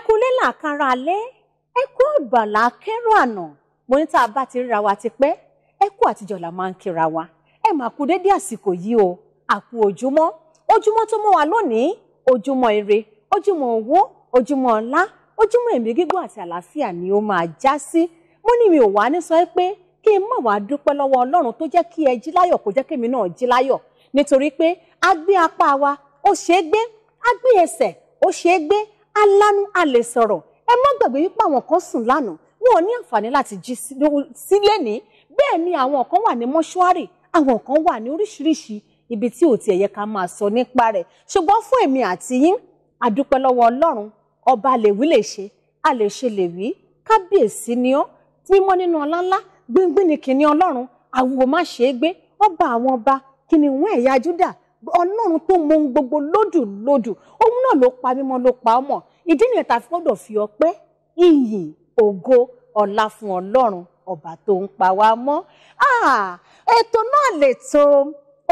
ẹkú lélà kanra alẹ́ ẹkú ọ̀bàlà kẹrù àná mo ní tá a bá ti ríra wa ti pẹ́ ẹkú àtijọ́ la máa ń kíra wa ẹ máa kú dédé àsìkò yìí o àkú ojúmọ́ ojúmọ́ tó mọ́ wa lónìí ojúmọ́ ire ojúmọ́ owó ojúmọ́ ọlá ojúmọ́ ẹ̀mí gígùn àti àlàáfíà ni ó máa já sí mo ní mi ò wá ní sọ ẹ pé kí n má wàá dúpẹ́ lọ́wọ́ Ọlọ́run tó jẹ́ kí ẹ jí láyọ̀ kó jẹ́ kémi náà jí láyọ̀ nítorí pé a gbé apá wa ó ṣeé gbé a gbé ẹsẹ̀ ó ṣeé gbé alánú a lè sọ̀rọ̀ ẹ má gbàgbé wípé àwọn kan sùn lánàá wọn ò ní àǹfààní láti jí sílé ní bẹ́ẹ̀ ni àwọn kan wà ní mọ́ṣúárì àwọn kan wà ní oríṣiríṣi ibi tí ò tiẹ̀ yẹ ká máa sọ nípa rẹ̀ ṣùgbọ́n fún èmi àti yín àdúpẹ́ lọ́wọ́ ọlọ́run ọba lè wí lè ṣe a lè ṣe lè wí kábíyèsí ni ó mímọ́ nínú ọlá ńlá gbíngbín ni kìnìún ọlọ́run àwòrán má ṣe é gbé ọba àwọn ọba kìnìún ẹ̀yà júdà ọlọ́run tó mọ ohun gbogbo lódù lódù òun náà ló pa mímọ́ ló pa ọmọ ìdí nìyẹn tá a fi gbọ́dọ̀ fi ọpẹ́ ìyìn ògo ọlá fún ọlọ́run ọba tó ń pa wá mọ́ ah, ètò náà lè tó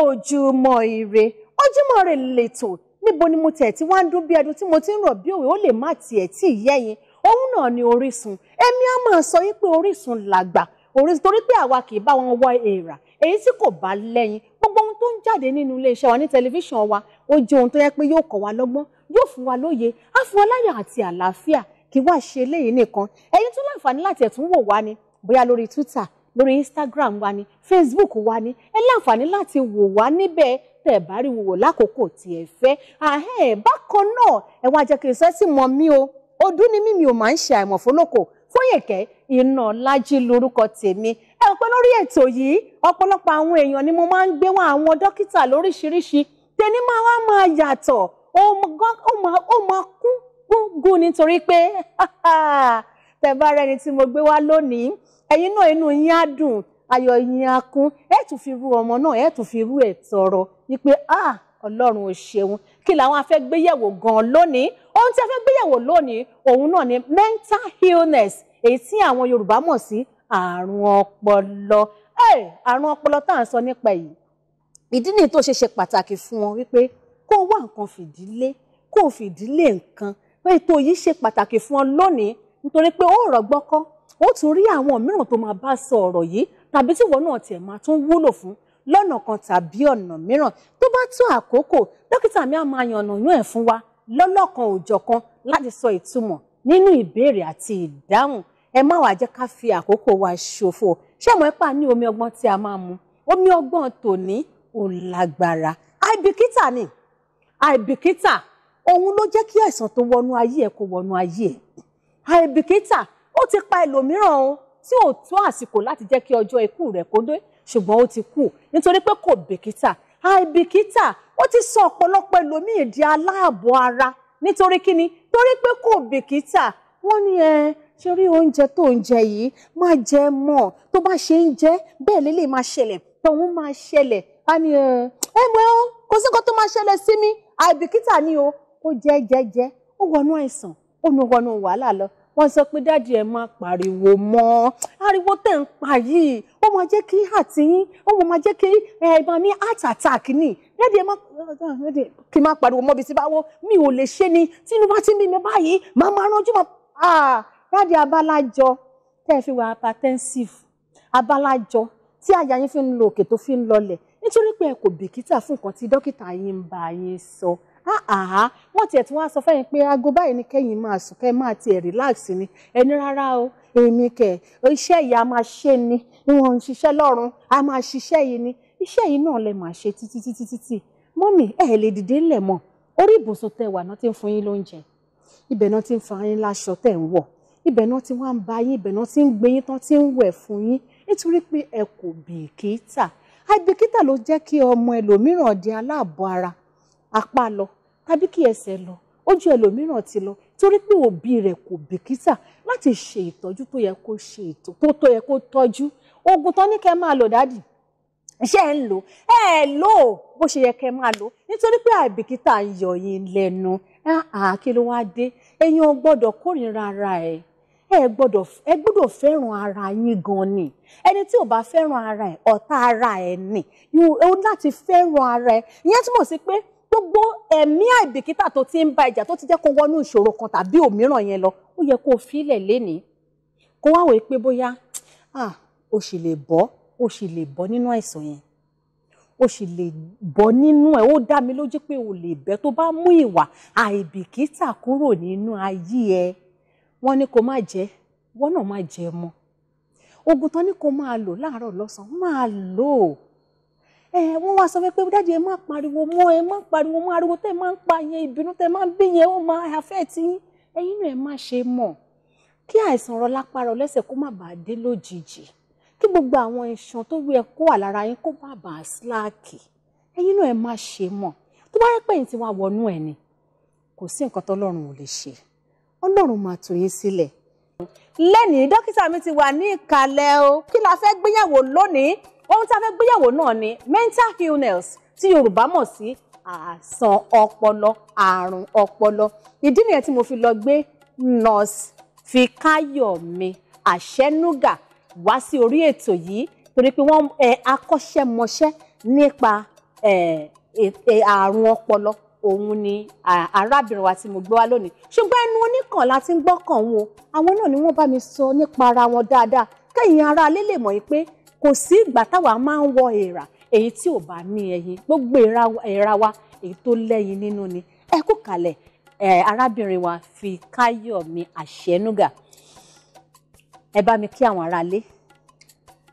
ojúmọ́ ire ojúmọ́ rẹ̀ lè tó níbo ni mo tẹ̀ tí wá ń dún bí ẹdun tí mo ti ń rọ̀ bí òwe ó lè má tiẹ̀ tí ìyẹ́ yẹn òun náà ni orísun èmi á máa sọ yín pé orísun làgbà orísun torí pé àwa kì í bá wọn wọ èèrà èyí tí kò bá lẹ́yìn ń jáde nínú iléeṣẹ́ wa ní tẹlifíṣàn wa ó jẹ́ ohun tó yẹ pé yóò kọ́ wa lọ́gbọ́n yóò fún wa lóye á fún wa láyọ̀ àti àlàáfíà kí wàá ṣe eléyìí nìkan ẹ̀yin tún láǹfààní láti ẹ̀tún wò wá ni bóyá lórí Twitter lórí Instagram wa ni Facebook wa ni ẹ láǹfààní láti wò wá níbẹ̀ tẹ̀ bá rí wò lákòókò tí ẹ fẹ́ bákan náà ẹ wá jẹ́ kí n sọ ẹ́ sì mọ mí o ọdún ni mímí ò máa ń ṣe àìmọ̀fólókò Fóyèkẹ́ Ináolájí lórúkọ tèmi ẹ ò pé lórí ètò yìí ọ̀pọ̀lọpọ̀ àwọn èèyàn ni mo máa ń gbé wá àwọn dókítà lóríṣiríṣi tẹni máa wá máa yàtọ̀ ó máa kú gúngún nítorí pé tẹ́ bá rẹni tí mo gbé wá lónìí ẹ̀yin náà inú yín á dùn ayọ̀ yín á kún ẹ tún fi rú ọmọ náà ẹ tún fi rú ẹ tọrọ wípé ah Ọlọ́run ò ṣeun kí làwọn afẹ́ gbéyẹ̀wò gan lónìí ohun tí a fẹ́ gbéyẹ̀wò lónìí òun náà ni mental illness èyí tí àwọn Yorùbá mọ̀ sí àrùn ọpọlọ àrùn ọpọlọ tá à ń sọ nípa yìí ìdí nìyí tó ṣe ṣe pàtàkì fún wọn wípé kó wá nǹkan fìdílé kó fìdílé nǹkan ètò yìí ṣe pàtàkì fún wọn lónìí nítorí pé ó rọ̀ gbọ́kọ́ ó tún rí àwọn mìíràn tó máa bá sọ ọ̀rọ̀ yìí tàbí tí ìwọ náà tiẹ̀ máa tún wúlò fún lọ́nà kan tàbí ọ̀nà mìíràn tó bá tó àkókò dókítà mi á máa yànnàyàn ẹ̀ fún wa lọ́lọ́kan òjọ̀kan láti sọ ìtumọ̀ nínú ìbéèrè àti ìdáhùn ẹ má wàá jẹ́ ká fi àkókò wa ṣòfò ṣé àwọn ẹ̀pà ní omi ọgbọ́n tí a máa mu omi ọgbọ́n tòní ò lágbára àìbìkítà ni àìbìkítà òun ló jẹ́ kí àìsàn tó wọnú ayé ẹ̀ kó wọnú ayé ẹ̀ àìbìkítà ó ti pa ẹlòmíràn o tí ò tó àsìkò láti jẹ́ kí ọjọ́ ikú rẹ̀ kó dé ṣùgbọ́n ó ti kú nítorí pé kò bìkítà àìbìkítà ó ti sọ ọ̀pọ̀lọpọ̀ ẹlòmíì di aláàbọ̀ ara nítorí kíni torí pé kò bìkítà wọ́n ní ẹ torí oúnjẹ tó ń jẹ yìí máa jẹ mọ́ tó bá ṣe ń jẹ bẹ́ẹ̀ lélẹ̀ máa ṣẹlẹ̀ tọ̀hún máa ṣẹlẹ̀ á ní ẹ ẹ mọ̀ ẹ́ kò sí nǹkan tó máa ṣẹlẹ̀ sí mi àìbìkítà ni o ó jẹ́ jẹ́jẹ́ ó wọnú àìsàn ó nu wọnú wàhálà lọ wọ́n sọ pé dáàdi ẹ máa pariwo mọ́ ariwo tẹ̀ ń pa yìí ó máa jẹ́ kí àti yín ó máa jẹ́ kí ẹ máa ní heart attack ni dáàdi ẹ máa kí n máa pariwo mọ́ bí ti bá wọ́ mi ò lè ṣe ni tínú bá ti ń bí mi báyìí màá máa ránjú mọ́ dáàdi abálájọ tẹ́ ẹ fi wà hypertensive abálájọ tí àyà yín fi ń lo òkè tó fi ń lọlẹ̀ nítorí pé ẹ kò bìkítà fún nǹkan tí dókítà yín ń bá yín sọ áà wọ́n tiẹ̀ tí wọ́n á sọ fẹ́yìn pé aago báyìí ni kẹ́yìn máa sùn kẹ́ máa tiẹ̀ relax ni ẹni rárá o èmi kẹ̀ iṣẹ́ yìí a máa ṣe ni wọn ń ṣiṣẹ́ lọ́rùn a máa ṣiṣẹ́ yìí ni iṣẹ́ yìí náà lè máa ṣe títí títí títí mọ́mì ẹ̀ lè dìde ńlẹ̀ mọ́ orí ibùsùn tẹ wà náà ti ń fún yín lóúnjẹ ibẹ̀ náà ti ń fa yín láṣọ tẹ̀ ń wọ̀ ibẹ̀ náà ti wá ń ba yín ibẹ̀ náà ti ń gbé yín tán ti ń wẹ̀ fún yín nítorí pé ẹ kò bìkítà àìbìkítà ló jẹ́ kí ọmọ ẹlòmíràn di aláàbọ̀ ara apá lọ tàbí kí ẹsẹ̀ lọ ojú ẹlòmíràn ti lọ torí pé òbí rẹ̀ kò bìkítà láti ṣe ìtọ́jú tó yẹ kó ṣe ètò tó tó yẹ kó tọ́jú oògùn tán ní kẹ́ máa lò dádì ṣé ń lò ẹ lò ó bó ṣe yẹ kẹ́ máa lò nítorí pé àìbìkítà ń yọ yín lẹ́nu kí ló wá dé ẹ̀yin ò gbọ́dọ̀ kórìíra ara ẹ ẹ gbọ́dọ̀ ẹ ara yín gan ni ẹni tí ò bá fẹ́ràn ara ẹ ọ̀tá ara ẹ ni o láti fẹ́ràn ara ẹ ìyẹn túmọ̀ sí pé gbogbo ẹ̀mí àìbìkítà tó ti ń bá ìjà tó ti jẹ́ kó wọnú ìṣòro kan tàbí òmíràn yẹn lọ ó yẹ kó o fílẹ̀ lénìí kó wá wòye pé bóyá o sì lè bọ́ o sì lè bọ́ nínú àìsàn yẹn o sì lè bọ́ nínú ẹ̀ ó dá mi lójú pé o lè bẹ́ tó bá mú ìwà àìbìkítà kúrò nínú ayé ẹ wọ́n ní kó má jẹ wọ́n náà má jẹ mọ́ ogun tán ní kó máa lò láàárọ̀ lọ́sàn máa lò ó ẹ wọ́n wá sọ pé dájú ẹ má pariwo mọ́ ẹ má pariwo mọ́ ariwo tẹ́ ẹ má ń pa yẹn ìbínú tẹ́ ẹ má ń bí yẹn ó máa àfẹ́ tí ẹ̀yin náà ẹ má ṣe mọ̀ kí àìsàn rọ lápá rọ lẹ́sẹ̀ kó má bàa dé lójijì kí gbogbo àwọn iṣan tó yẹ kó wà lára yín kó má bàa síláàkì ẹ̀yin náà ẹ má ṣe mọ̀ tó bá rẹ pẹ̀yìn tí wàá wọnú ẹ̀ ni kò sí nǹkan tọ́lọ́run ò lè ṣe ọlọ́run máa tò yín sílẹ̀ lẹ́nìí dókítà mi ti wà ní ìkàlẹ̀ o kí ohun tí a fẹ́ gbéyẹ̀wò náà ni mental illness tí Yorùbá mọ̀ sí àìsàn ọpọlọ àrùn ọpọlọ ìdí nìyẹn tí mo fi lọ gbé nurse Fikayomi Àṣẹnúgà wá sí orí ètò yìí torí pé wọ́n akọ́ṣẹ́mọṣẹ́ nípa àrùn ọpọlọ òun ni arábìnrin wa tí mo gbé wá lónìí ṣùgbọ́n ẹnu oníkàn láti ń gbọ́kàn wọn àwọn náà ni wọ́n bá mi sọ nípa ara wọn dáadáa kẹ́yìn ara alẹ́ lè mọ̀ pé kò sí ìgbà táwa máa ń wọ èèrà èyí tí ò bá ní ẹyin gbogbo èèrà wa èyí tó lẹ́yin nínú ni ẹ kú kalẹ̀ ẹ arábìnrin wa fi káyọ̀mí àṣẹnúgà ẹ bá mi kí àwọn aráalé.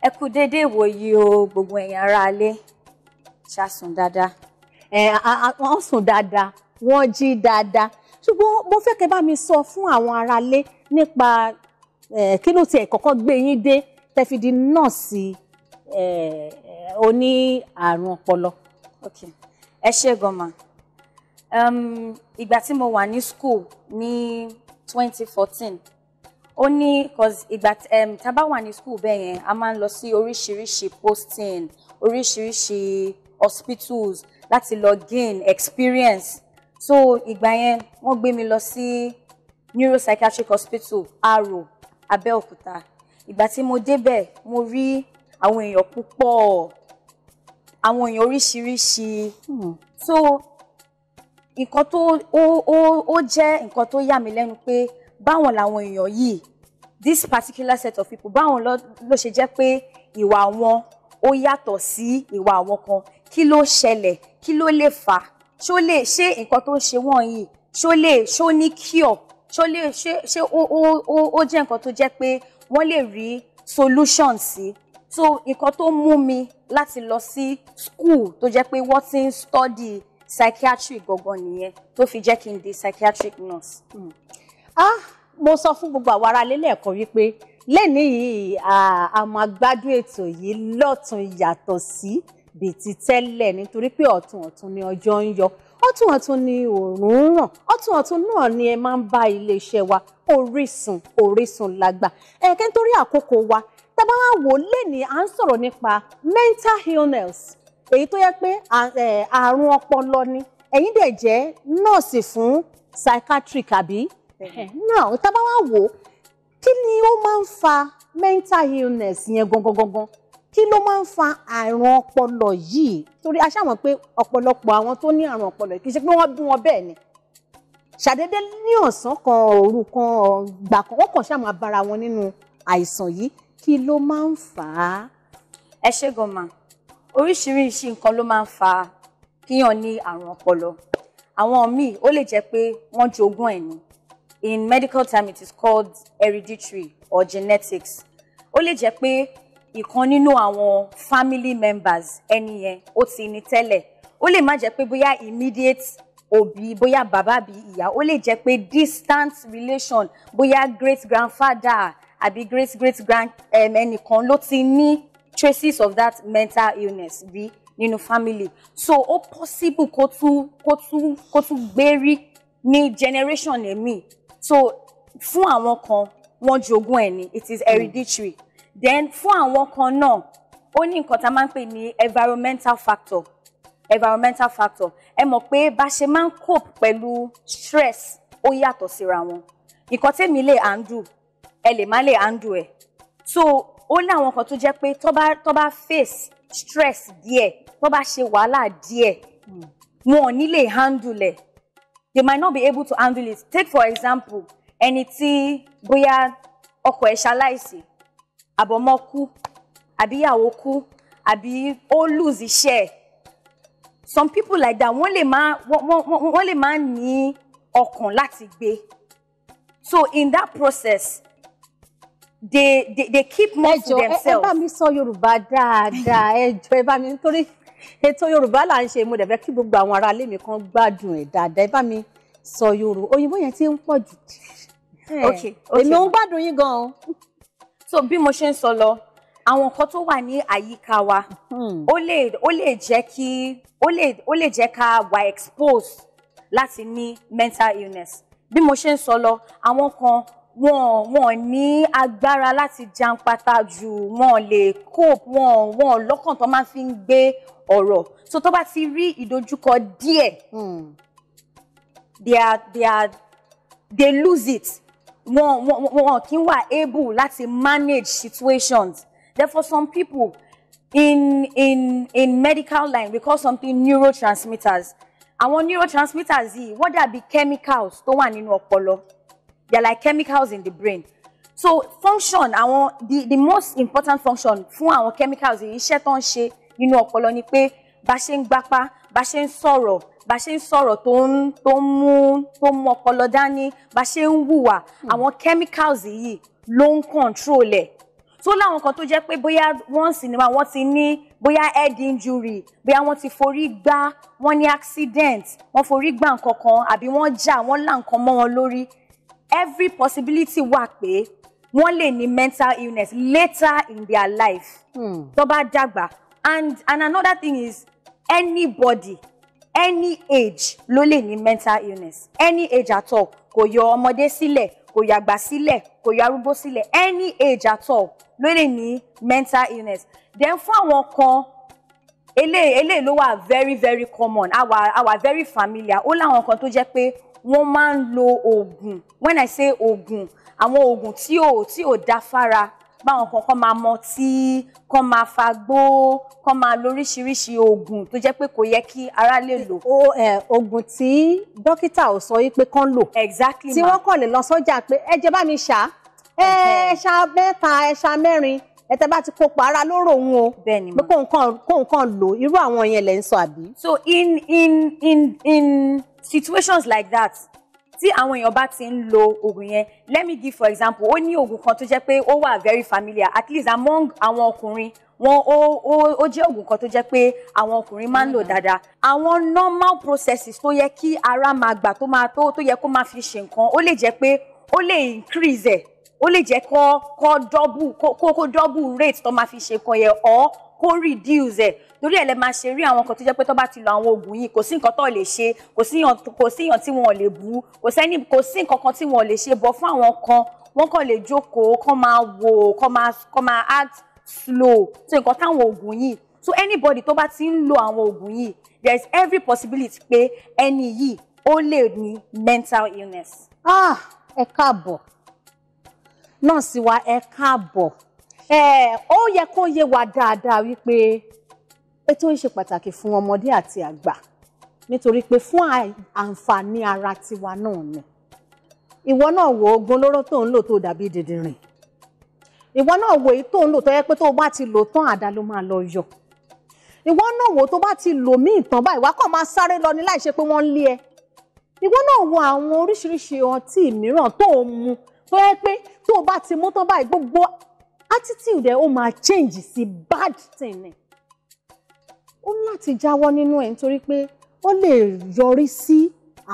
ẹ kú déédéé ìwòyí o gbogbo ẹ̀yin aráalé ṣàsùn dáadáa. ẹ wọ́n sùn dáadáa wọ́n jí dáadáa ṣùgbọ́n mo fẹ́ kẹ́ bá mi sọ fún àwọn aráalé nípa kí ló tiẹ̀ kọ́kọ́ gbé yín dé tẹ́ fi di nọ́ọ̀sì eh, oní àrùn ọpọlọ. okay ẹ ṣe gọ́mà um, ìgbà tí mo wà ní school ní 2014. fourteen ó ní cause ìgbà um, tá a bá wà ní school bẹ́ẹ̀ yẹn a máa ń lọ sí oríṣiríṣi posting oríṣiríṣi hospitals láti lọ gain experience so ìgbà yẹn wọ́n gbé mi lọ sí neuropsychiatric hospital Aro Abẹ́òkúta ìgbà tí mo débẹ̀ mo rí àwọn èèyàn púpọ̀ àwọn èèyàn oríṣiríṣi hmm. so nǹkan tó ó ó ó jẹ́ nǹkan tó yà mí lẹ́nu pé báwọn làwọn èèyàn yìí this particular set of people báwọn ló ṣe jẹ́ pé ìwà wọn ó yàtọ̀ sí ìwà àwọn kan kí ló ṣẹlẹ̀ kí ló lè fà ṣó lè ṣe nǹkan tó ń ṣe wọ́n yìí ṣó lè ṣó ní cure ṣó lè ṣe ṣé ó ó ó jẹ́ nǹkan tó jẹ́ pé wọ́n lè rí solution sí so nǹkan tó mú mi láti lọ sí school tó jẹ́ pé wọ́n ti ń study psychiatric gangan nìyẹn tó fi jẹ́ kí n di psychiatric nurse. Hmm. ah mo sọ fún gbogbo àwọn aráalé lẹ́ẹ̀kan wípé lẹ́nìí yìí a máa gbádùn ètò yìí lọ́tún yàtọ̀ sí bìtì tẹ́lẹ̀ nítorí pé ọ̀tún ọ̀tún ni ọjọ́ ń yọ ọ̀tún ọ̀tún ni òòrùn ń ràn ọ̀tún ọ̀tún náà ni ẹ máa ń bá iléeṣẹ́ wa Orísun Orísun lágbà ẹ̀kẹ́ nítorí àkókò wa tábà wá wò lẹ́ni à ń sọ̀rọ̀ nípa mental illness èyí tó yẹ pé àrùn ọpọlọ ni ẹ̀yin dẹ̀ jẹ́ nọ́ọ̀sì fún psychiatric àbí now tábà wá wò kí ni ó máa ń fa mental illness yẹn gangan gangan kí ló máa ń fa àrùn ọpọlọ yìí torí a ṣàmọ̀ pé ọ̀pọ̀lọpọ̀ àwọn tó ní àrùn ọpọlọ kì í ṣe pé wọ́n bí wọn bẹ́ẹ̀ ni ṣàdédé ní ọ̀sán kan òru kan gbà kan wọ́n kàn ṣàmọ̀ abara wọn nínú àìsàn yìí kí ló máa ń fà á. ẹ ṣe gọmà oríṣiríṣi nǹkan ló máa ń fa kíyàn ní àrùn ọpọlọ àwọn míì ó lè jẹ́ pé wọ́n jogún ẹ̀ ni in medical term it is called hereditary or genetics ó lè jẹ́ pé ìkan nínú àwọn family members ẹni yẹn ó ti ní tẹ́lẹ̀ ó lè má jẹ́ pé bóyá immediate òbí bóyá bàbá àbí ìyá ó lè jẹ́ pé distant relation bóyá great grandfather àbí great great grand um, ẹnìkan ló ti ní traces of that mental illness rí nínú family so ó possible kó tún kó tún kó tún gbérí ní generation ẹ̀mí so fún àwọn kan wọ́n jogún ẹ̀ ni it is hereditary then fún àwọn kan náà ó ní nǹkan tá a máa ń pè ní environmental factor environmental factor ẹ mọ̀ pé bá ṣe máa ń cope pẹ̀lú stress ó yàtọ̀ síra wọn nǹkan tèmi lè handle ẹ lè má lè handle ẹ̀ so ó láwọn kan tó jẹ́ pé tó bá face stress díẹ̀ tó bá ṣe wàhálà díẹ̀ wọn ò ní lè handle ẹ̀ they might not be able to handle it take for example ẹni tí bóyá ọkọ ẹ̀ ṣaláìsí àbọ̀mọ kú àbíyàwó kú àbí ó lose iṣẹ́ some people like that wọ́n lè máa wọ́n lè máa ní ọkàn láti gbé so in that process they they, they keep more to themselves. ẹ jọ̀ọ́ ẹ bá mi sọ yorùbá dáadáa ẹ jọ̀ọ́ ẹ bá mi nítorí ètò yorùbá là ń ṣe mo dẹ̀ fẹ́ kí gbogbo àwọn ará ilé mi kan gbádùn ẹ̀ dáadáa ẹ bá mi sọ yorùbá òyìnbó yẹn ti ń pọ̀ jù. ok ok èmi ń gbádùn yín gan-an so bí mo ṣe ń sọ lọ àwọn nǹkan tó wà ní àyíká wa hmm. ó lè ó lè jẹ́ kí ó lè ó lè jẹ́ ká wà exposed láti ní mental illness bí mo ṣe ń sọ lọ àwọn kan wọn wọn ní agbára láti jàǹpátá jù wọn lè cope wọn wọn lọ́kàn tó máa fi ń gbé ọ̀rọ̀ so tó bá ti rí ìdojúkọ díẹ̀ hmm. they are they are they lose it wọn wọn wọn kì í wà able láti manage situations therefore some people in in in medical line we call something neurotransmitters àwọn neurotransmitters yìí wọ́n dàbí chemicals tó wà nínú ọpọlọ they are like chemicals in the brain so function àwọn the the most important function fún àwọn chemicals yìí iṣẹ́ tó ń ṣe nínú ọpọlọ ni pé bá ṣe ń gbapá bá ṣe ń sọ̀rọ̀ bá ṣe ń sọ̀rọ̀ tó ń tó ń mú tó ń mú ọpọlọ dání bá ṣe ń hùwà hmm. àwọn chemicals yìí ló ń control ẹ̀ tó láwọn kan tó jẹ́ pé bóyá wọ́n sì ní wọ́n ti ní bóyá head injury bóyá wọ́n ti forí gbá wọ́n ní accident wọ́n forí gbá nǹkan kan àbí wọ́n jà wọ́n là nǹkan mọ́ wọn lórí every possibility wà pé wọ́n lè ní mental illness later in their life hmm. tó bá dàgbà and and another thing is anybody any age ló lè ní mental illness any age at all kò yọ ọmọdé sílẹ̀ kò yọ àgbà sílẹ̀ kò yọ arúgbó sílẹ̀ any age at all ló lè ní mental illness then fún àwọn kan eléyìí eléyìí ló wà very very common Our our very familiar ó láwọn kan tó jẹ́ pé wọ́n máa ń lo oògùn when i say oògùn àwọn oògùn tí ò tí ò dáfára báwọn kan kàn máa mọtí kàn máa fagbó kàn máa lóríṣiríṣi oògùn tó jẹ́ pé kò yẹ kí ara lè lò. o ẹ oògùn tí dókítà ò sọ yìí pé kán lò. exactly ma tí wọ́n kàn lè lọ sọ́jà pé ẹ jẹ́ bá mi ṣá ẹ ẹṣà mẹ́ta ẹṣà mẹ́rin ẹtẹ bá ti kópa ara lóró òun o bẹ́ẹ̀ni mo kó nǹkan kó nǹkan lò irú àwọn yẹn lẹ ń sọ àbí. so in in in in situations like that tí àwọn èèyàn bá ti ń lo oògùn yẹn let me give for example ó ní oògùn kan tó jẹ́ pé ó wà very familiar at least among àwọn ọkùnrin wọn ó ó ó jẹ́ oògùn kan tó jẹ́ pé àwọn ọkùnrin máa ń lò dáadáa àwọn normal processes tó yẹ kí ara máa gbà tó máa tó tó yẹ kó máa fi ṣe nǹkan ó lè jẹ́ pé ó lè increase ẹ̀ ó lè jẹ́ kó kó double kó kó double rate tó máa fi ṣe nǹkan yẹn or kó reduce ẹ̀ torí ẹ̀ lẹ́ máa ṣe rí àwọn nǹkan tó jẹ́ pé tó bá ti lo àwọn oògùn yìí kò sí nǹkan tó lè ṣe kò sí èèyàn tí wọn lè bú kò sí nǹkan kan tí wọn lè ṣe bọ̀ fún àwọn kan wọ́n kàn lè jókòó kàn máa wò kàn máa kàn máa act slow so nǹkan táwọn oògùn yìí so anybody tó bá ti ń lo àwọn oògùn yìí there is every possibility pé ẹni yìí ó lè ní mental illness. ah ẹ káàbọ̀ nọ́ọ̀sì wa ẹ káàbọ̀ Eh, ó yẹ kó yé wa dáadáa wípé ètò yìí ṣe pàtàkì fún ọmọdé àti àgbà nítorí pé fún àǹfààní ara tiwa náà ni ìwọ náà wo ogun olóró tó ń lò tó dàbí dìndìnrìn ìwọ náà wo èyí tó ń lò tó yẹ pé tó bá ti lò tán àdá ló máa lọ yọ ìwọ náà wo tó bá ti lò mí ìtàn báyìí wá kàn máa sáré lọ ní láì ṣe pé wọ́n ń lé ẹ ìwọ náà wo àwọn oríṣiríṣi ọtí mìíràn tó ń mu tó yẹ pé tó bá ti mú tán báyìí gbogbo attitude ẹ ó máa change sí bad thing ẹ ó ní láti jáwọ́ nínú ẹ̀ nítorí pé ó lè yọrí sí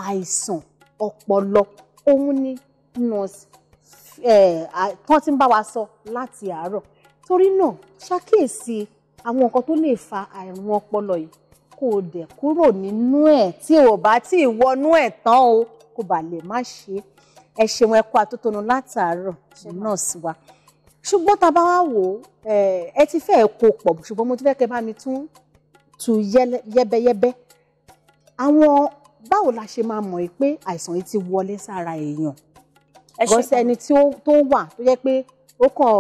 àìsàn ọpọlọ òun ni nurse kan ti ń bá wa sọ láti àárọ̀ torí náà ṣàkíyèsí àwọn nǹkan tó lè fa àrùn ọpọlọ yìí kó o dẹ̀ kúrò nínú ẹ̀ tí o bá tí ì wọnú ẹ̀ tán o kó bàa lè má ṣe é ẹ ṣeun ẹ kú atótónu látàárọ̀ nurse wa ṣùgbọ́n tá a bá wá wò ó ẹ ti fẹ́ kó pọ̀ ṣùgbọ́n mo ti fẹ́ kẹ́ bá mi tún tu yẹ́bẹ́yẹ́bẹ́ àwọn báwo la ṣe máa mọ̀ pé àìsàn yìí ti wọlé sára èèyàn gọ́sẹ̀ ẹni tó wà tó yẹ pé ó kàn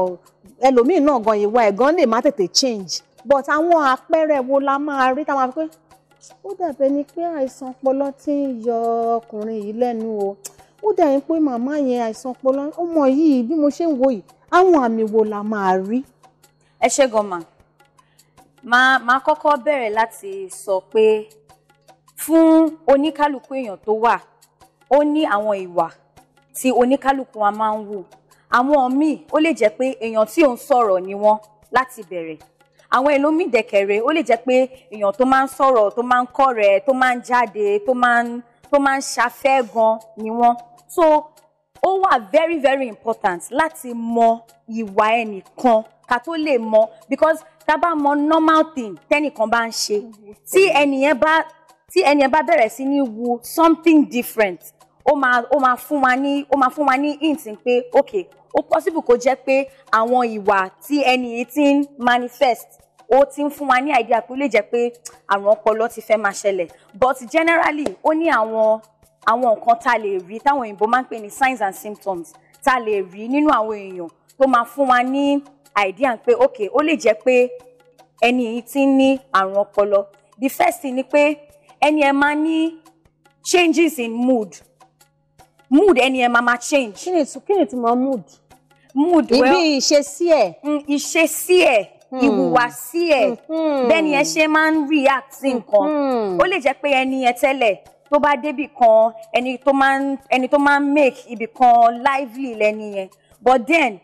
ẹlòmíì náà gan ìwà ẹ̀gán lè má tètè change but àwọn àpẹẹrẹ wo la máa rí táwọn àfi pé ó dàbẹ̀ ni pé àìsàn ọpọlọ ti ń yọ ọkùnrin yìí lẹ́nu o ó dàbẹ̀ pé màmá yẹn àìsàn ọpọlọ ọmọ yìí bí mo ṣe ń wò yìí àwọn àmì wo la máa rí. ẹ ṣe gọmà máa máa kọ́kọ́ bẹ̀rẹ̀ láti sọ pé fún oníkálukú èèyàn tó wà ó ní àwọn ìwà tí oníkálukú wa máa ń wù àwọn míì ó lè jẹ́ pé èèyàn tí ò ń sọ̀rọ̀ ni wọ́n láti bẹ̀rẹ̀ àwọn ẹlòmíì dẹ̀kẹ̀rẹ̀ ó lè jẹ́ pé èèyàn tó máa ń sọ̀rọ̀ tó máa ń kọ̀rẹ̀ tó máa ń jáde tó máa ń tó máa ń ṣafẹ́ gan ni wọ́n so ó wà very very important láti mọ ìwà ẹnìkan ká tó lè mọ because tá a bá mọ normal thing tẹ́nìkan bá ń ṣe tí ẹnìyẹn bá tí ẹnìyẹn bá bẹ̀rẹ̀ sí ní wo something different ó máa ó máa fún wa ní ó máa fún wa ní hint pé ok ó possible kó jẹ́ pé àwọn ìwà tí ẹnìyẹn ti ń manifest ó ti ń fún wa ní idea pé ó lè jẹ́ pé àrùn ọpọlọ ti fẹ́ máa ṣẹlẹ̀ but generally ó ní àwọn àwọn nǹkan tá a lè rí táwọn òyìnbó máa ń pè ní signs and symptoms tá a lè rí nínú àwọn èèyàn tó máa fún wa ní idea pé ok ó lè jẹ́ pé ẹni yìí ti ń ní àrùn ọpọlọ the first thing ni pé ẹni ẹ máa ní changes in mood mood ẹni ẹ máa máa change. kí ni kí ni ìtumọ̀ mood. mood well ibi ìṣesí ẹ̀. Mm, ìṣesí ẹ̀ hmm. ìhùwàsí ẹ̀ hmm. bẹ́ẹ̀ ni ẹ ṣe máa ń react sí nǹkan hmm. ó lè jẹ́ pé ẹni ẹ tẹ́lẹ̀ tó bá débì kan ẹni tó máa ń ẹni tó make ibì kan lively lẹ́ni yẹn but then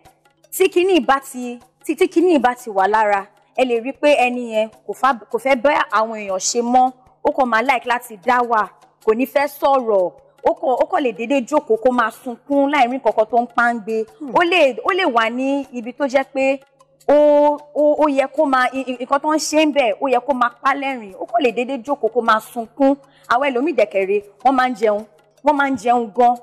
tí kinní ìbá ti tí tí kinní ìbá ti wà lára ẹ lè rí i pé ẹni yẹn kò fẹ́ bá àwọn èèyàn ṣe mọ́ ó kàn máa like láti dá wà kò ní fẹ́ sọ̀rọ̀ ó kọ ó kọ lè déédéé jókòó kó máa sunkún láì nǹkan kan tó ń páńgbe hmm. ó lè wà ní ibi tó jẹ́ pé ó ó ó yẹ kó máa nǹkan tó ń ṣe ń bẹ̀ ó yẹ kó máa pálẹ̀rìn ó kò lè déédéé jókòó kó máa sunkún àwọn ẹlòmíì dẹ̀kẹ̀rẹ̀ wọ́n máa ń jẹun wọ́n máa ń jẹun gan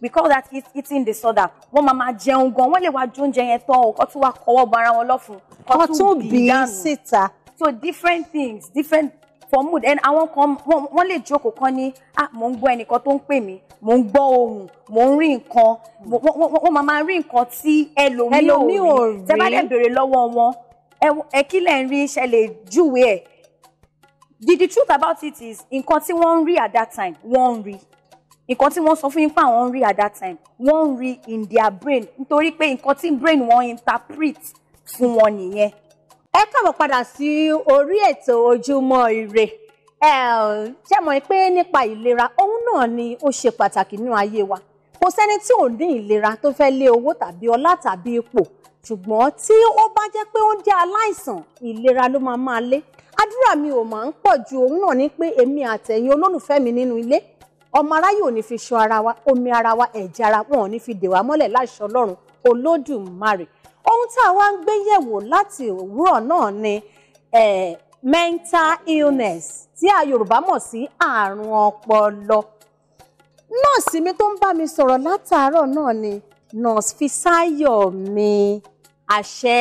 we call that eating disorder wọ́n máa máa jẹun gan wọ́n lè wá jóúnjẹ yẹn tán o kó tún wá kọwọ́ bọ ara wọn lọ́fun kó tún bì í síta so different things different for mood ẹni àwọn kan wọ́n lè jókòó kan ní ah mò ń gbọ́ ẹnìkan tó ń pè mí mò ń gbọ́ ohùn mò ń rí nǹkan wọ́n máa máa rí nǹkan tí ẹlòmíì ò rí tẹ́ bá dẹ̀ béèrè lọ́wọ́ wọn ẹ kí lẹ̀ ń rí ṣe lè júwe ẹ̀ the the truth about it is nǹkan tí wọ́n ń rí at that time wọ́n ń rí nǹkan tí wọ́n sọ fún yín pé àwọn ń rí at that time wọ́n ń rí in their brain nítorí pé nǹkan tí brain wọn interpret fún wọn nìyẹn ẹ káàbọ̀ padà sí orí ètò ojúmọ́ ire ẹ ṣe mọ̀ pé nípa ìlera òun náà ni ó ṣe pàtàkì nínú ayé wa kò sẹ́ni tí ò ní ìlera tó fẹ́ lé owó tàbí ọlá tàbí ipò ṣùgbọ́n tí ó bá jẹ́ pé ó jẹ́ aláìsàn ìlera ló máa máa lé àdúrà mi ò máa ń pọ̀ ju òun náà ni pé èmi àtẹ̀yin olólùfẹ́ mi nínú ilé ọmọ aráyè ò ní fi ṣan ara wa omi ara wa ẹ̀jẹ̀ ara wọn ò ní fi dè wá mọ́lẹ̀ láṣọ Ọlọ́run Olódùmarè ohun tá a wá ń gbé yẹ̀wò láti òwúrọ̀ náà ni mental illness tí a Yorùbá mọ̀ sí àrùn ọpọlọ nọ́ọ̀sì mi tó ń bá mi sọ̀rọ̀ látàárọ̀ náà ni nọ́ọ̀sì Fisáyọ̀mí àṣẹ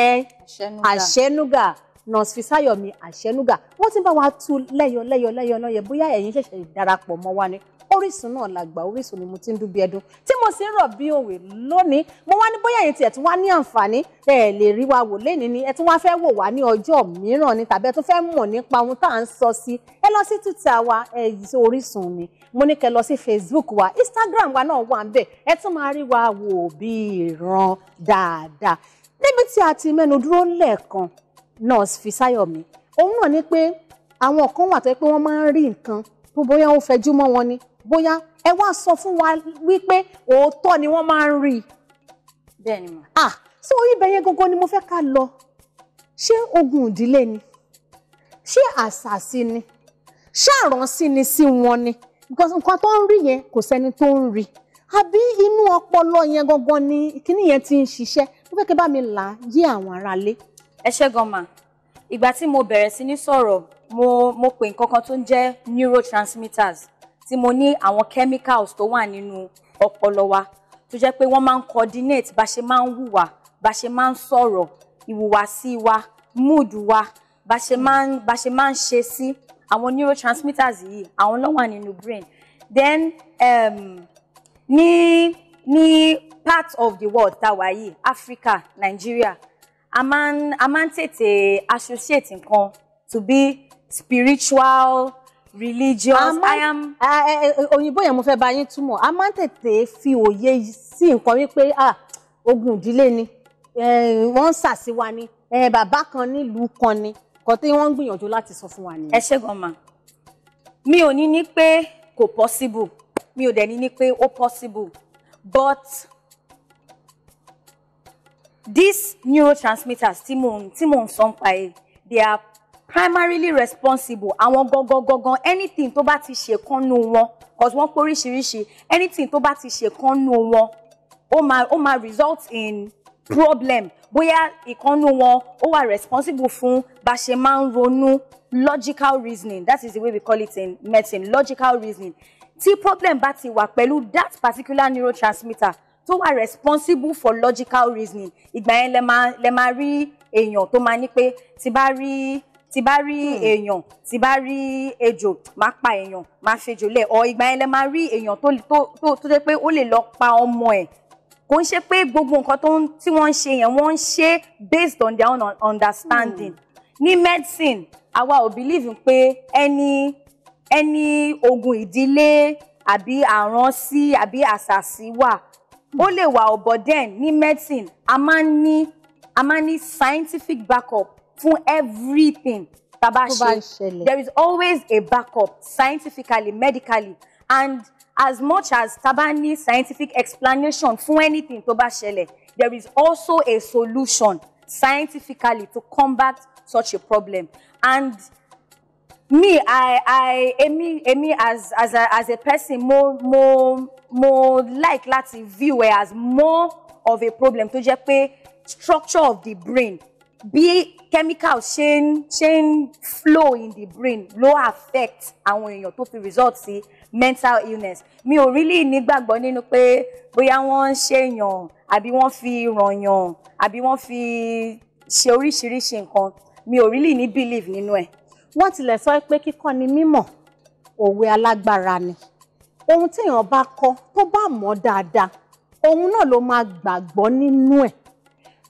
àṣẹnúgà nurse Fisáyọ̀mí àṣẹnúgà wọ́n ti bá wa tú lẹ́yọ lẹ́yọ lẹ́yọ lọ́yẹ bóyá ẹ̀yin ṣẹ̀ṣẹ̀ darapọ̀ mọ́ wa ni orísun náà la gbà orísun ni mo ti ń dúbi ẹdun tí mo sì ń rọ̀ bí òwe lónìí mo wá ní bóyá ẹ̀yin tiẹ̀ tún wá ní àǹfààní ẹ lè rí wa wò lẹ́ni ni ẹ tún wá fẹ́ wò wá ní ọjọ́ mìíràn ni tàbí ẹ tún fẹ́ mọ̀ nípa ohun tá à ń sọ sí ẹ lọ sí twitter wa ẹ yí orísun mi mo ní kẹ́ lọ sí facebook wa instagram wa náà wà ń bẹ̀ ẹ tún máa rí wa wò bí ìran dáadáa níbi tí a ti mẹ́nu dúró lẹ́ẹ̀kan nurse Fisáyọ̀mí òun náà ní pé àwọn kan wà tó yẹ pé wọ́n máa ń rí nǹkan tó bóyá ó fẹjú mọ́ wọn ni bóyá ẹ wá sọ fún wa wípé òótọ́ ni wọ́n máa ń rí i. bẹ́ẹ̀ ni mà. ah so ibẹ̀ yẹn gangan ni mo fẹ́ ká lọ ṣé ogun ìdílé ni ṣé àṣàsí ni ṣé àránsí ni sí wọn ni because nǹkan tó ń rí yẹn kò sẹ́ni tó ń rí àbí inú ọpọlọ yẹn gangan ni kíní yẹn ti ń ṣiṣẹ́ mo fẹ́ kí bá mi là á yé àwọn aráalé. ẹ ṣé gan ma ìgbà tí mo bẹ̀rẹ̀ sí ní sọ̀rọ̀ mo mo pè nǹkan kan tó ń jẹ́ neurotransmitters tí mo ní àwọn chemicals tó wà nínú ọpọlọ wa tó jẹ́ pé wọ́n máa ń coordinate bá ṣe máa ń hùwà bá ṣe máa ń sọ̀rọ̀ ìhùwàsí wa mood wa bá ṣe máa ń bá ṣe máa ń ṣe sí àwọn neurotransmitters yìí àwọn ló wà nínú brain then um, ní ní part of the world tá a wà yìí Africa Nigeria a máa ń a máa ń tètè associate nǹkan to be spiritual religious i am. òyìnbó yẹn mo fẹ́ bá yín túmọ̀ a máa ń tètè fi òye sí nǹkan wípé ogun ìdílé ni wọ́n ń ṣàṣìwá ni bàbá kan nílùú kan ni kò tí wọ́n ń gbìyànjú láti sọ fún wa nìyẹn. ẹ ṣe gan mi ò ní ní pé kò possible mi ò dẹ̀ ní ní pé ó possible but these neurotransmitters tí mò ń sọ ń pa ẹ they are primarily responsible àwọn gangan gangan anything tó bá ti ṣe kan nù wọn cause wọ́n pé oríṣiríṣi anything tó bá ti ṣe kan nù wọn ó máa ó máa result in problem bóyá ìkànnù wọn ó wà responsible fún bá ṣe máa ń ronú logical reasoning that is the way we call it in medicine logical reasoning tí problem bá ti wà pẹ̀lú that particular neurotransmitter tó wà responsible for logical reasoning ìgbà yẹn lẹ máa lẹ máa rí èèyàn tó máa ní pé tí bá rí tí bá rí hmm. èèyàn tí bá rí ejò máa pa èèyàn máa fejò lẹ̀ ọ ìgbà yẹn lẹ máa rí èèyàn tó tó pé ó lè lọ pa ọmọ ẹ̀ kò ń ṣe pé gbogbo nǹkan tó tí wọ́n ń ṣe yẹn wọ́n ń ṣe based on their own understanding hmm. ní medicine àwa ò believe pé ẹni ẹni ogun ìdílé àbí àránsí àbí àṣàṣì wà ó lè wà ọ̀bọ̀ den ní medicine a máa ń ní a máa ń ní scientific backup fún everything tá bá ṣe there is always a backup scientifically medically and as much as tá bá ní scientific explanation fún anything tó bá ṣẹlẹ̀ there is also a solution scientifically to combat such a problem and me i i emi emi as as a as a person mo mo mo like láti view as more of a problem to jẹ́ pé structure of the brain bí chemical ṣe ń ṣe ń flow in the brain ló affect àwọn èèyàn tó fi result sí mental illness mi ò really nígbàgbọ́ nínú pé bóyá wọ́n ń ṣèyàn àbí wọ́n fi rànyàn àbí wọ́n fi ṣe oríṣiríṣi nǹkan mi ò really ní believe nínú ẹ̀. wọ́n tilẹ̀ sọ pé kíkọ́ ni mímọ̀ òwe alágbára ni ohun téèyàn bá kọ́ tó bá mọ̀ dáadáa òun náà ló máa gbàgbọ́ nínú ẹ̀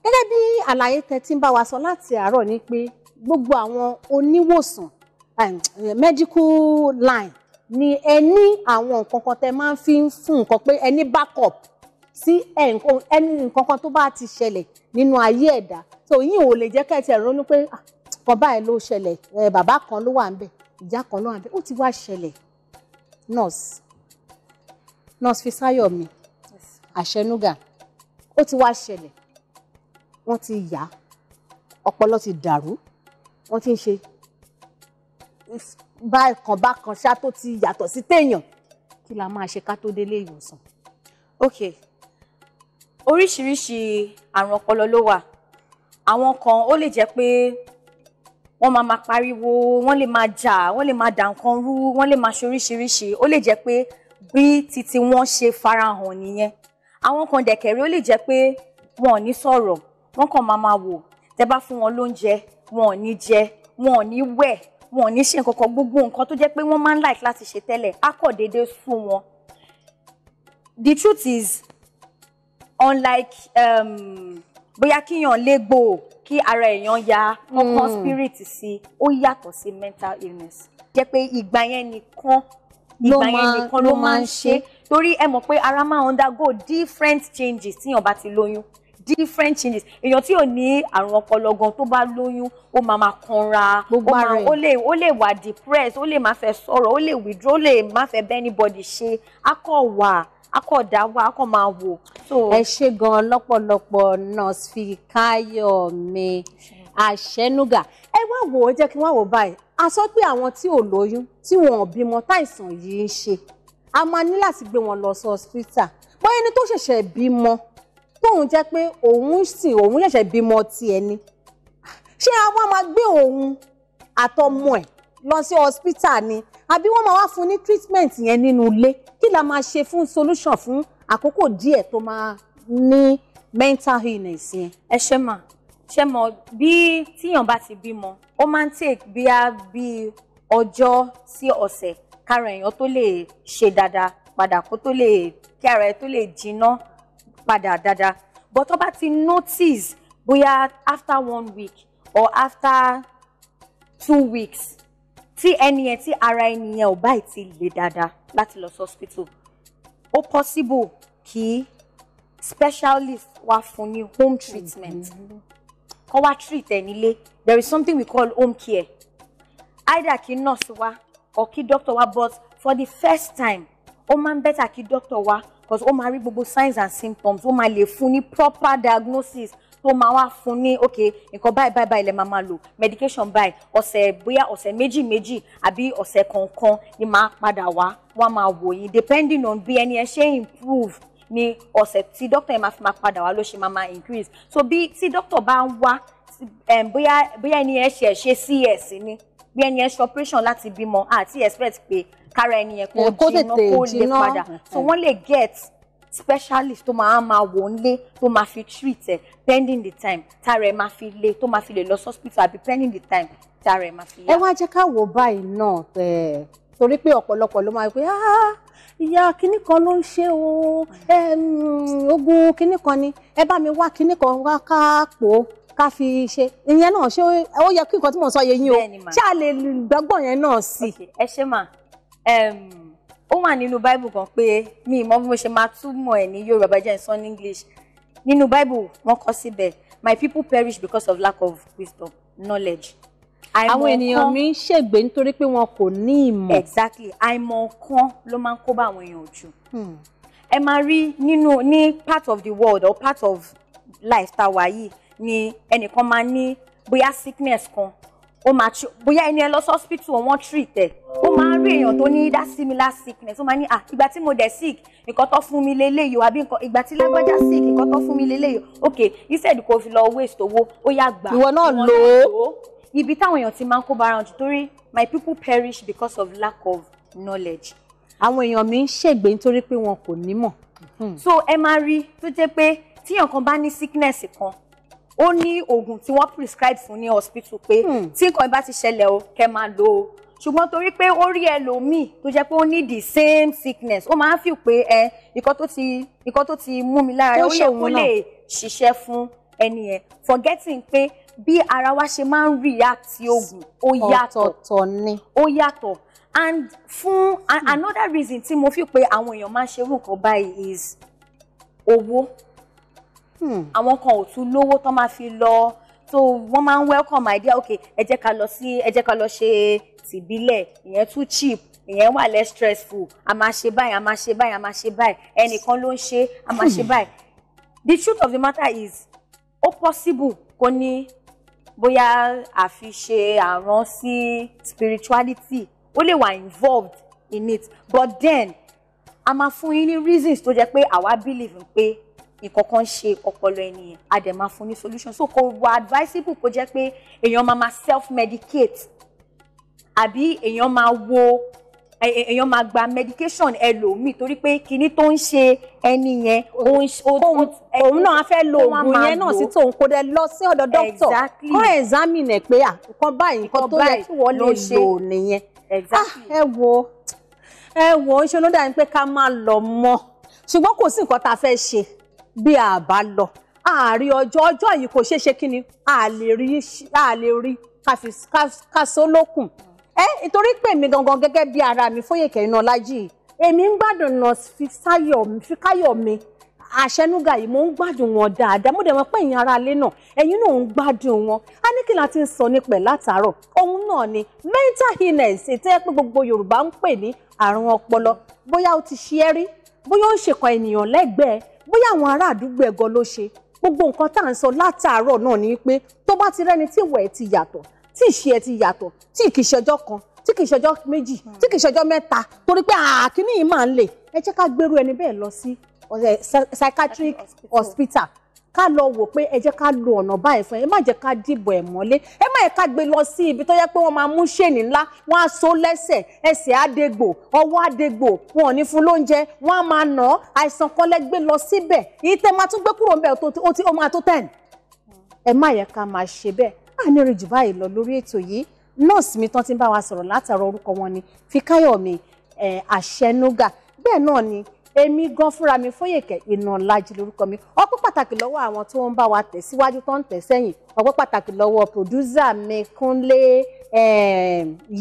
gẹ́gẹ́ bí àlàyé tẹ́ ti ń bá wa sọ láti àárọ̀ ni pé gbogbo àwọn oníwòsàn ehm, medical line ni ẹ ní àwọn nǹkan kan tẹ́ máa ń fi fún nǹkan pé ẹ ní backup sí ẹni nǹkan kan tó bá ti ṣẹlẹ̀ nínú ayé ẹ̀dá tó yín ò lè jẹ́ kẹ́ ti ronú pé ah, kan báyìí ló ṣẹlẹ̀ bàbá kan ló wà ń bẹ̀ ìyá kan ló wà ń bẹ̀ ó ti wá ṣẹlẹ̀ nurse nurse Fisáyọ̀mí àṣẹnúgà ó ti wá ṣẹlẹ̀ wọ́n ti yá ọpọlọ ti dàrú wọ́n ti ń ṣe bákan bákan ṣá tó ti yàtọ̀ sí téèyàn kí la máa ṣe ká tó délé ìwòsàn. ok oríṣiríṣi àrùn ọpọlọ ló wà àwọn kan ó lè jẹ́ pé wọ́n máa máa pariwo wọ́n lè máa jà wọ́n lè máa dà nǹkan rú wọ́n lè máa ṣoríṣiríṣi ó lè jẹ́ pé bí titi wọn ṣe farahàn nìyẹn àwọn kan dẹ̀kẹ̀rẹ́ ó lè jẹ́ pé wọn ò ní sọ̀rọ̀ wọ́n kàn máa máa wò tẹ́ bá fún wọn lóúnjẹ wọn ò ní jẹ wọn ò ní wẹ̀ wọn ò ní ṣe nǹkan kan gbogbo nǹkan tó jẹ́ pé wọ́n máa ń like láti ṣe tẹ́lẹ̀ á kọ̀ déédéé sún wọn. the truth is unlike um, bóyá kíyàn légbò kí ara èèyàn ya wọn kan hmm. spirit sí ó yàtọ̀ sí mental illness jẹ́ pé ìgbà yẹn nìkan ìgbà yẹn nìkan ló máa ń ṣe torí ẹ mọ̀ pé ara máa undergo different changes tíyàn bá ti lóyún different things. èèyàn tí ò ní àrùn ọpọlọ gan tó bá lóyún ó máa máa kanra gbogbo ara ó lè ó lè wà depressed ó lè má fẹ́ sọ̀rọ̀ ó lè withdraw ó lè má fẹ́ bẹ anybody ṣe akọ wà akọ dá wà akọ máa wò. ẹ ṣe gan lọ́pọ̀lọpọ̀ nurse Fikayomi àṣẹnúgà ẹ wá wò ó jẹ́ kí wọ́n wò báyìí a sọ pé àwọn tí ò lóyún tí wọn ò bímọ táìsàn yìí ń ṣe a máa ní láti gbé wọn lọ sí hospital bóyá ẹni tó ṣẹ̀ṣẹ̀ bímọ tóun jẹ́ pé òun sì òun ṣẹ̀ṣẹ̀ bímọ tiẹ̀ ni ṣé àwọn máa gbé òun àtọmọ ẹ̀ lọ sí hospital ni àbí wọ́n máa wá fún ní treatment yẹn nínú ilé kí la máa ṣe fún solution fún àkókò díẹ̀ tó máa ní mental illness yẹn. ẹ ṣe mà ṣe mọ bí tíyàn bá ti bímọ ó máa ń take bíá bíi ọjọ́ sí ọ̀sẹ̀ kára èèyàn tó lè ṣe dáadáa padà kó tó lè kí ara ẹ tó lè jiná padà dáadáa but tó bá ti notice bóyá after one week or after two weeks tí ẹni yẹn tí ara ẹni yẹn ò báyìí ti le dáadáa láti lọ sí hospital ó possible kí specialist wá fún ní home treatment mm-hmm. kó wá treat ẹ nílé there is something we call home care either kí nurse wá or kí doctor wá but for the first time ó máa ń better kí doctor wá because ó máa rí gbogbo signs and symptoms ó máa lè fún ní proper diagnosis tó máa wá fún ní ok nǹkan báyìí báyìí báyìí lè máa máa lò medication báyìí ọ̀sẹ̀ bóyá ọ̀sẹ̀ meji meji abi ọ̀sẹ̀ kọ̀ọ̀kan ni máa padà wá wá máa wò yín depending on bi ẹni ẹ ṣe improve ni ọ̀sẹ̀ tí doctor yẹn máa fi máa padà wá ló ṣe máa máa increase so bi tí doctor bá ń wá bóyá bóyá ẹni ẹ ṣe ẹ ṣe cs ni bi ẹni ẹ ṣe operation láti bímọ àti expect pé kára ẹni yẹn kó jiná kó lè padà so wọ́n lè get specialist tó máa máa wò ń lé tó máa fi treat ẹ pending the time tára ẹ máa fi lé tó máa fi lè lọ hospital àbí pending the time tára ẹ máa fi yá. ẹ wá jẹ́ ká wò báyìí náà torí pé ọ̀pọ̀lọpọ̀ ló máa ń pè ah, ah, ìyá kinní kan ló ń ṣe o ogun kinní kan ni ẹ bá mi wá kinní kan wá ká pò ó ká fi ṣe ìyẹn náà ṣé ó yẹ kí nǹkan tí mò sọ yé yín o ṣé lè gbàgbọ́ yẹn náà sí. ẹ ṣe máa ó wà nínú bible kan pé mi ì mọ bí mo ṣe máa túmọ̀ ẹ̀ ní yorùbá jẹ́ ìsọ ní english nínú bible wọ́n kọ síbẹ̀ my people perish because of lack of wisdom knowledge. àwọn ènìyàn mi ń ṣègbè nítorí pé wọn kò ní ìmọ̀. exactly àìmọ̀ kan ló máa ń kó bá àwọn èèyàn jù. Hmm. ẹ máa rí nínú ní part of the world or part of life tá a wà yìí ni ẹnìkan máa ní bóyá sickness kan ó máa tí bóyá ẹni ẹ lọ sí hospital wọn treat ẹ ó máa ń rí èèyàn tó ní that similar sickness ó máa ní ah ìgbà tí mo dẹ̀ sick nǹkan tó fún mi leléyìí o àbí nǹkan ìgbà tí lágbájá sick nǹkan tó fún mi leléyìí ok instead kò fi lọ waste owó ó yá gbà ìwọ náà lò ó ibi táwọn èèyàn ti máa ń kó bára wọn jù torí my people perish because of lack of knowledge. àwọn èèyàn mi ń ṣègbè nítorí pé wọn kò nímọ̀. Hmm. so ẹ máa rí tó jẹ́ pé tíyàn kan bá ní sickness kan ó ní oògùn tí wọ́n prescribe fún ní hospital pé hmm. tí nǹkan bá ti ṣẹlẹ̀ o kẹ́ máa lo o ṣùgbọ́n torí pé ó rí ẹlòmíì tó jẹ́ pé ó ní the same sickness ó máa ń fi pé ẹ nǹkan tó ti nǹkan tó ti mú mi lára ó yẹ kó lè ṣiṣẹ́ fún ẹni yẹn forgetting pé bí ara wa ṣe máa ń react sí oògùn ó hmm. yàtọ̀ ọ̀tọ̀ọ̀tọ̀ ni ó yàtọ̀ and fún hmm. another reason tí mo fi pé àwọn èèyàn máa ń ṣerú nǹkan báyìí is owó. Hmm. àwọn kan ò tún lówó tán máa fi lọ so wọ́n máa ń welcome idea ok ẹ jẹ́ ká lọ sí ẹ jẹ́ ká lọ ṣe tìbílẹ̀ ìyẹn tún cheap ìyẹn wà less stressful a máa ṣe báyìí a máa ṣe báyìí a máa ṣe báyìí ẹnìkan ló ń ṣe a máa ṣe hmm. báyìí the truth of the matter is ó possible kó ní bóyá àfiṣe àrán sí spirituality ó lè wà involved in it but then a máa fún yín ní reasons tó jẹ́ pé àwa believe pé ìkọ̀kan ṣe ọpọlọ ẹnìyẹn a dẹ̀ máa fún ní solution so kò wà advisable kó jẹ́ pé èèyàn máa máa self medicate àbí èèyàn máa wo èèyàn máa gba medication ẹlòmíì torí pé kinní tó ń ṣe ẹni yẹn òun náà fẹ́ lo oògùn yẹn náà sí tòun kó dẹ lọ sí ọ̀dọ̀ doctor kó examine ẹ̀ pé nǹkan báyìí nǹkan tó yẹ kí wọ́n lè lò nìyẹn ah, ẹ wo ẹ wo ń ṣe ló dà ní pé ká máa lọ mọ́ ṣùgbọ́n kò sí nǹkan tá a fẹ́ ṣe bí a bá lọ àárín ọjọ́ ọjọ́ yìí kò ṣeé kí ni a lè rí a lè rí kàṣó lókùn ẹ nítorí pé mi gangan gẹ́gẹ́ bí ara mi Fóyèkẹ́ Ináolájí èmi ń gbádùn náà Fikáyọ̀mí àṣẹnúgà yìí mo ń gbádùn wọn dáadáa mo dẹ̀ mọ̀ pé ẹ̀yin ará ilé náà ẹ̀yin náà ń gbádùn wọn a ní kí la ti ń sọ nípa látàárọ̀ òun náà ni mental illness ètò ẹ̀ gbogbo Yorùbá ń pè ní àrùn ọpọlọ bóyá o ti ṣe é rí bóyá ó ń ṣèkan ènìyàn lẹ́gbẹ̀ẹ́ bóyá àwọn ará àdúgbò ẹ̀gọ́ ló ṣe gbogbo nǹkan tá à ń sọ látàárọ̀ náà ni pé tó bá ti rẹ́ni tí ìwà ti yàtọ̀ tí ìṣe ẹ̀ ti yàtọ̀ tí kì í ṣẹjọ́ kan tí kì í ṣẹjọ́ méjì tí kì í ṣẹjọ́ mẹ́ta torí pé àkíní yìí máa ń lè ẹ jẹ́ ká gbérú ẹni bẹ́ẹ̀ lọ sí eh, psychiatric hospital ká lọ wò pé ẹ jẹ́ ká lo ọ̀nà báyìí fún ẹ ẹ má jẹ́ ká dìbò ẹ̀ mọ́lé ẹ má yẹ ká gbé lọ sí ibi tó yẹ pé wọ́n máa mú ṣèlì ńlá wọ́n á so lẹ́sẹ̀ ẹsẹ̀ àdégbò ọwọ́ àdégbò wọn ò ní fún lóúnjẹ wọ́n á máa nà ọ́ àìsàn kan lẹ́ gbé lọ síbẹ̀ èyí tẹ́ máa tún gbé kúrò ńbẹ̀ ó ti ó máa tó tẹ̀n ẹ má yẹ ká máa ṣe bẹ́ẹ̀ á ní rìn jù báyìí lọ lórí ètò yìí nọ́ọ̀sì mi tán ti ń bá wa sọ̀rọ̀ látàrọ orúkọ wọn ni Fikáyọ̀mí àṣẹnúgà bẹ́ẹ̀ náà ni èmi gan fúnra mi Fóyèkẹ́ Ìnàọlájí lórúkọ mi ọpẹ́ pàtàkì lọ́wọ́ àwọn tó ń bá wa tẹ̀síwájú tó ń tẹ̀ sẹ́yìn ọpẹ́ pàtàkì lọ́wọ́ pòdúsà mi Kúnlé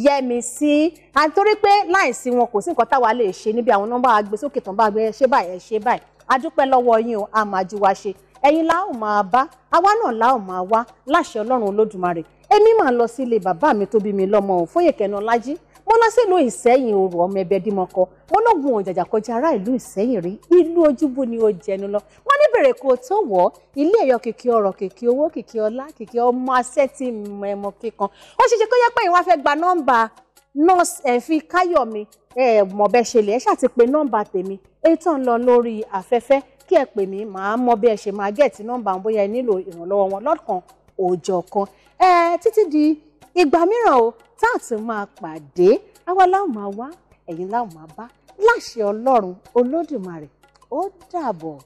Yẹ́misí àtòrí pé láìsí wọn kò sí nǹkan táwa lè ṣe níbi àwọn nọ́mbà agbésókè tán bá gbé ṣé báyìí ṣé báyìí adúpẹ́ lọ́wọ́ yín o àmàjú wa ṣe ẹ̀yin la ó máa bá àwa náà la ó máa wá láṣẹ Ọlọ́run Olódùmarè èmi máa lọ sí ilé bàbá mi tó bí mi lọ́mọ Fóyèkẹ́ Ìnàọlájí mo lọ sílùú ìsẹ́yìn oru ọmọ ẹbẹ dímọkọ mo lógun òjàjà kọjá ará ìlú ìsẹ́yìn rí ìlú ojúbọ ni ó jẹnu lọ wọn ní bèrè kò tó wọ ilé ẹyọ kìkì ọrọ̀ kìkì owó kìkì ọlá kìkì ọmọ asẹ tí mẹmọ kíkan ó ṣeéṣe kó yẹ pé ìwà fẹ́ gba nọ́mbà nọ́ọ̀sì ẹ̀fí káyọ̀mí ẹ̀ mọ̀bẹ́ ṣẹlẹ̀ ẹ̀ ṣàtìpé nọ́mbà tèmi ètò ń lọ lórí afẹ́fẹ́ kí ẹ pè mí màá mọ bí ẹ ṣe máa gẹ̀ẹ́tì nọ́mbà bóyá ẹ nílò ìrànlọ́wọ́ wọn lọ́kàn òòjọ́ kan ẹ títí di ìgbà mìíràn o tá a tún máa pàdé àwa láwọn máa wá ẹ̀yin láwọn máa bá láṣẹ ọlọ́run olódùmarè ó dàbọ̀.